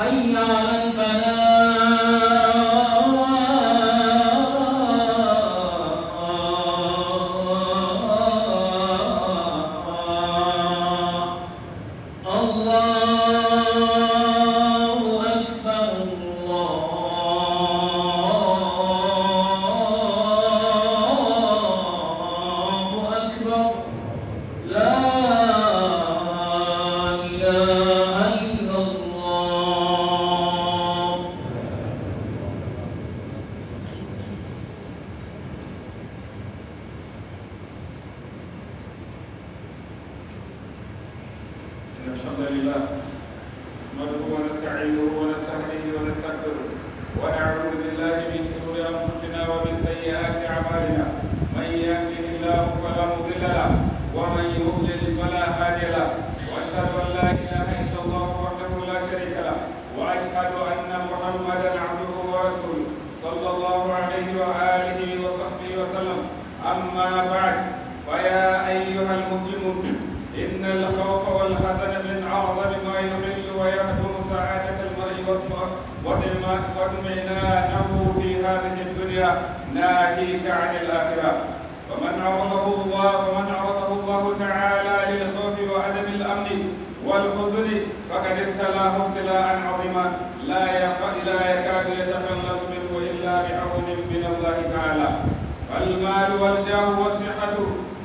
حي على الفلاح الحمد لله نحمده ونستعينه ونستهديه ونستغفره ونعوذ بالله من شرور انفسنا ومن سيئات اعمالنا من يهده الله فلا مضل له ومن يضلل فلا هادي له واشهد ان لا اله الا الله وحده لا شريك له واشهد ان محمدا عبده ورسوله صلى الله عليه واله وصحبه وسلم اما بعد فيا ايها المسلمون ان الخوف طائفة من أعظم ما يقل ويكتم سعادة المرء واطمئنانه في هذه الدنيا ناهيك عن الآخرة ومن عرضه الله ومن عرضه الله تعالى للخوف وعدم الأمن والحزن فقد ابتلاه ابتلاء عظيما لا لا يكاد يتخلص منه إلا بعون من الله تعالى فالمال والجاه والصحة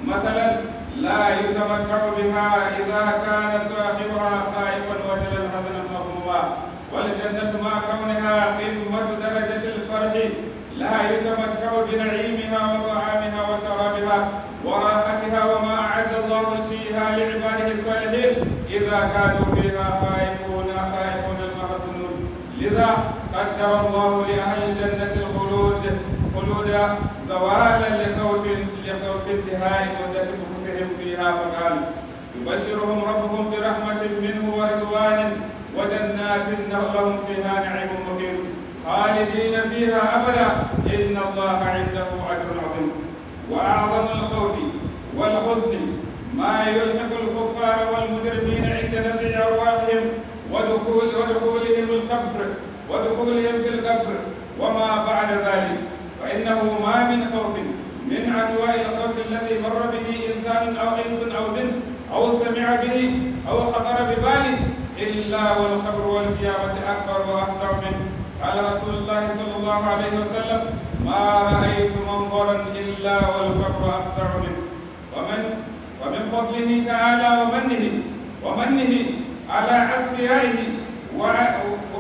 مثلا لا يتمتع بها إذا كان صاحبها خائفا وجل حزنا مغموما والجنة مع كونها قمة درجة الفرح لا يتمتع بنعيمها وطعامها وشرابها وراحتها وما أعد الله فيها لعباده الصالحين إذا كانوا فيها خائفون خائفون المحزنون لذا قدر الله لأهل الجنة الخلود خلودا زوالا لخوف لخوف انتهاء مدة بهم فيها فقال يبشرهم ربهم برحمة منه ورضوان وجنات لهم فيها نعيم مقيم خالدين فيها أبدا إن الله عنده أجر عظيم وأعظم الخوف والحزن ما يلحق الكفار والمجرمين عند نزع أرواحهم ودخول ودخولهم القبر ودخولهم في القبر وما بعد ذلك فإنه ما من خوف من أنواع الخوف الذي مر به إنسان أو إنس أو جن أو سمع به أو خطر بباله إلا والقبر والقيامة أكبر وأحسن منه قال رسول الله صلى الله عليه وسلم ما رأيت منظرا إلا والقبر أخسر منه ومن ومن فضله تعالى ومنه ومنه على أصفيائه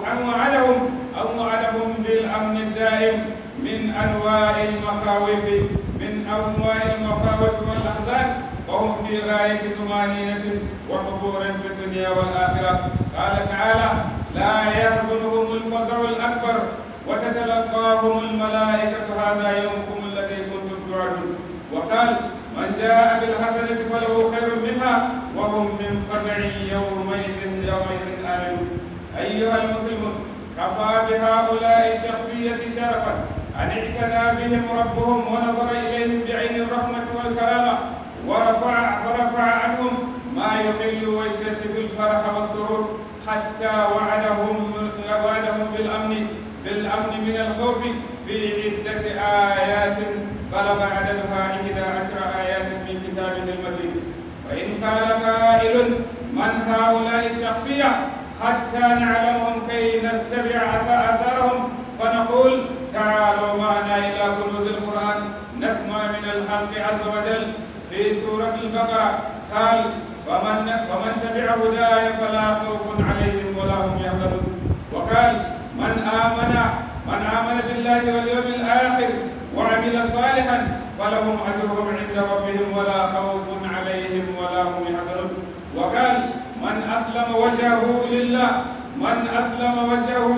وأموالهم وعدهم بالأمن الدائم من أنواع المخاوف ولاية طمأنينة وحضورا في الدنيا والآخرة قال تعالى لا يحزنهم الفزع الأكبر وتتلقاهم الملائكة هذا يومكم الذي كنتم توعدون وقال من جاء بالحسنة فله خير منها وهم من فزع يومئذ يومئذ آمنون أيها المسلمون كفى بهؤلاء الشخصية شرفا أن اعتنى بهم ربهم ونظر إليهم بعين الرحمة والكرامة ورفع يقل في الفرح والسرور حتى وعدهم وعدهم بالامن بالامن من الخوف في عده ايات بلغ عددها احدى عشر ايات من كتابه المجيد وان قال قائل من هؤلاء الشخصيه حتى نعلمهم كي نتبع اثارهم فنقول تعالوا معنا الى كنوز القران نسمع من الحق عز وجل في سوره البقره قال ومن ومن تبع هداي فلا خوف عليهم ولا هم يحزنون وقال من آمن من آمن بالله واليوم الآخر وعمل صالحا فلهم أجرهم عند ربهم ولا خوف عليهم ولا هم يحزنون وقال من أسلم وجهه لله من أسلم وجهه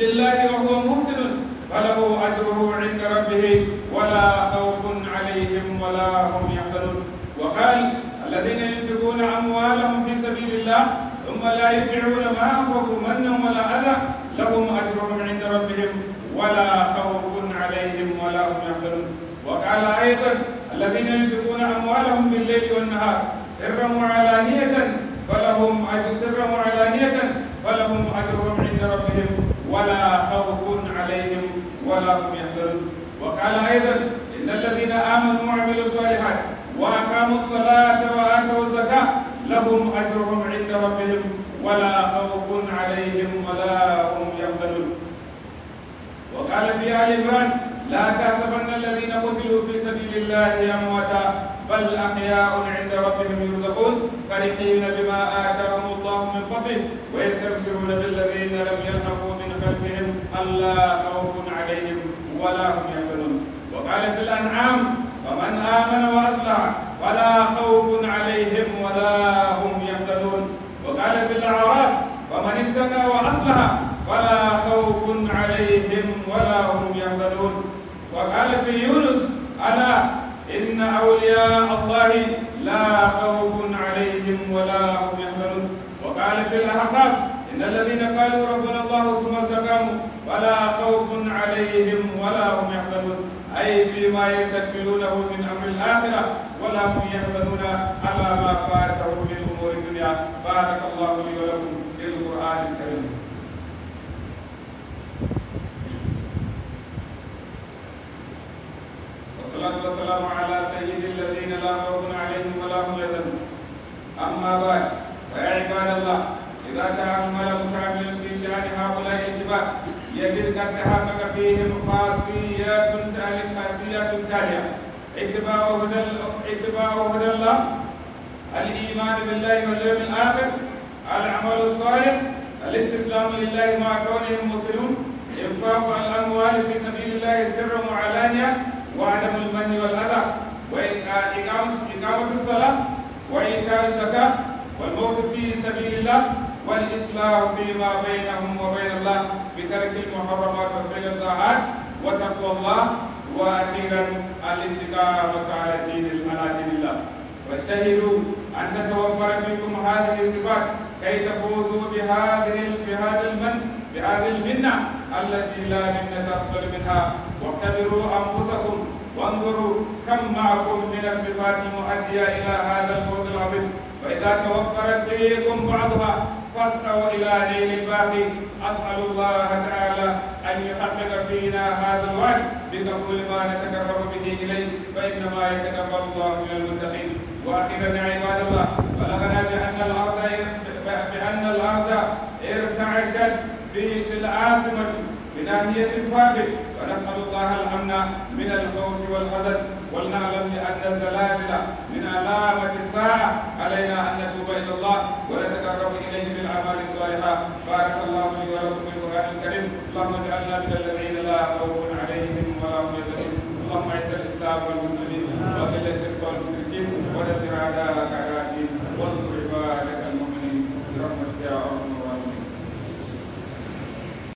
لله وهو محسن فله أجره عند ربه ولا خوف عليهم ولا هم يحزنون وقال الذين أموالهم في سبيل الله ثم لا يتبعون ما أنفقوا منا ولا أذى لهم أجرهم عند ربهم ولا خوف عليهم ولا هم يحزنون وقال أيضا الذين ينفقون أموالهم بالليل والنهار سرا وعلانية فلهم أجر سرا وعلانية فلهم أجرهم عند ربهم ولا خوف عليهم ولا هم يحزنون وقال أيضا إن الذين آمنوا وعملوا الصالحات وأقاموا الصلاة وآتوا الزكاة لهم أجرهم عند ربهم ولا خوف عليهم ولا هم يحزنون وقال في آل عمران لا تحسبن الذين قتلوا في سبيل الله أمواتا بل أحياء عند ربهم يرزقون فرحين بما آتاهم الله من فضله ويستبشرون بالذين لم يلحقوا من خلفهم ألا خوف عليهم ولا هم يحزنون وقال في الأنعام فمن آمن لا خوف عليهم ولا هم يحزنون وقال في الأحقاف إن الذين قالوا ربنا الله ثم استقاموا فلا خوف عليهم ولا هم يحزنون أي فيما يستكملونه من أمر الآخرة ولا هم يحزنون على ما فارقه من أمور الدنيا بارك الله لي ولكم في القرآن الكريم الحكمة يجد قد تحقق فيهم خاصيات تالية خاصيات تالية اتباع هدى اتباع هدى الله الإيمان بالله واليوم الآخر العمل الصالح الاستسلام لله مع كونهم مسلمون إنفاق الأموال في سبيل الله سرا وعلانية وعدم المن والأذى وإقامة الصلاة وإيتاء الزكاة والموت في سبيل الله والإصلاح فيما بينهم وبين الله بترك المحرمات وفعل الطاعات وتقوى الله وأخيرا الاستقامة على دين على لله واجتهدوا أن تتوفر فيكم هذه الصفات كي تفوزوا بهذه بهذا المن بهذه المنة التي لا منة أفضل منها واختبروا أنفسكم وانظروا كم معكم من الصفات المؤدية إلى هذا الفوز العظيم فإذا توفرت فيكم بعضها فاسعوا إلى دين الباقي أسأل الله تعالى أن يحقق فينا هذا الوعد بقبول ما نتكرم به إليه فإنما يتكبر الله من المتقين وأخيرا يا عباد الله بلغنا بأن الأرض بأن الأرض ارتعشت في العاصمة بناحية فاقد ونسأل الله الأمن من الخوف والحزن ولنعلم بأن الزلازل من علامة الساعة علينا أن نتوب إلى الله ونتقرب إليه بالأعمال الصالحة بارك الله لي ولكم في القرآن الكريم اللهم اجعلنا من الذين لا خوف عليهم ولا هم يحزنون اللهم اعز الإسلام والمسلمين وأذل الشرك والمشركين ودمر أعداءك على